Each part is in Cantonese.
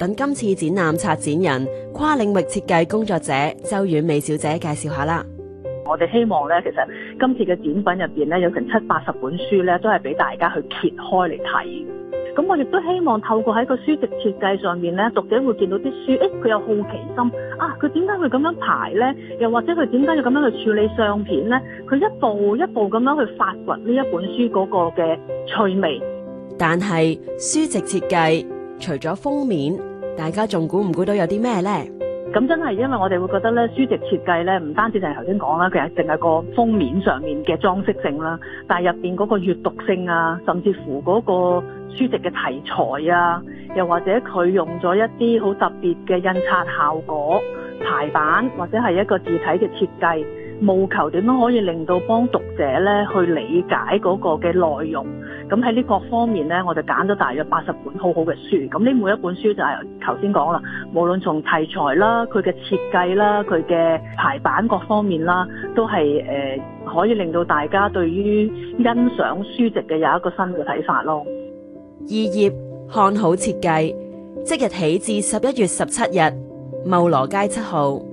等今次展覽策展人、跨領域設計工作者周婉美小姐介紹下啦。我哋希望咧，其實今次嘅展品入邊咧有成七八十本書咧，都係俾大家去揭開嚟睇。咁我亦都希望透過喺個書籍設計上面咧，讀者會見到啲書，誒、欸，佢有好奇心啊，佢點解會咁樣排咧？又或者佢點解要咁樣去處理相片咧？佢一步一步咁樣去發掘呢一本書嗰個嘅趣味。但係書籍設計除咗封面。大家仲估唔估到有啲咩咧？咁真係，因為我哋會覺得咧，書籍設計咧，唔單止就係頭先講啦，其實淨係個封面上面嘅裝飾性啦，但係入邊嗰個閱讀性啊，甚至乎嗰個書籍嘅題材啊，又或者佢用咗一啲好特別嘅印刷效果、排版或者係一個字體嘅設計。務求點樣可以令到幫讀者咧去理解嗰個嘅內容，咁喺呢各方面咧，我就揀咗大約八十本好好嘅書，咁呢每一本書就係頭先講啦，無論從題材啦、佢嘅設計啦、佢嘅排版各方面啦，都係誒、呃、可以令到大家對於欣賞書籍嘅有一個新嘅睇法咯。二頁：看好設計，即日起至十一月十七日，茂羅街七號。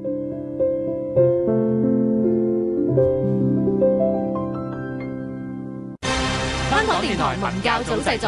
香港電台文教組製作。